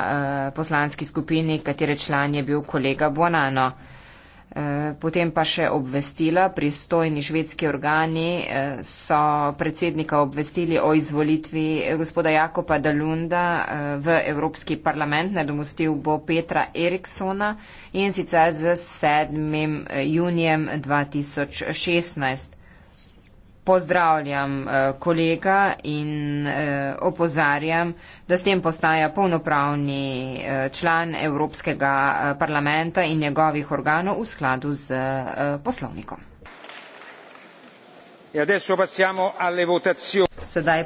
Eh, poslanski skupini, katere član je bil kolega Bonano. Eh, potem pa še obvestila, pristojni švedski organi eh, so predsednika obvestili o izvolitvi gospoda Jakopa Dalunda v Evropski parlament, nadomostil bo Petra Eriksona in sicer z 7. junijem 2016 pozdravljam eh, kolega in eh, opozarjam, da s tem postaja polnopravni eh, član Evropskega parlamenta in njegovih organov v skladu z poslovnikom. E Sedaj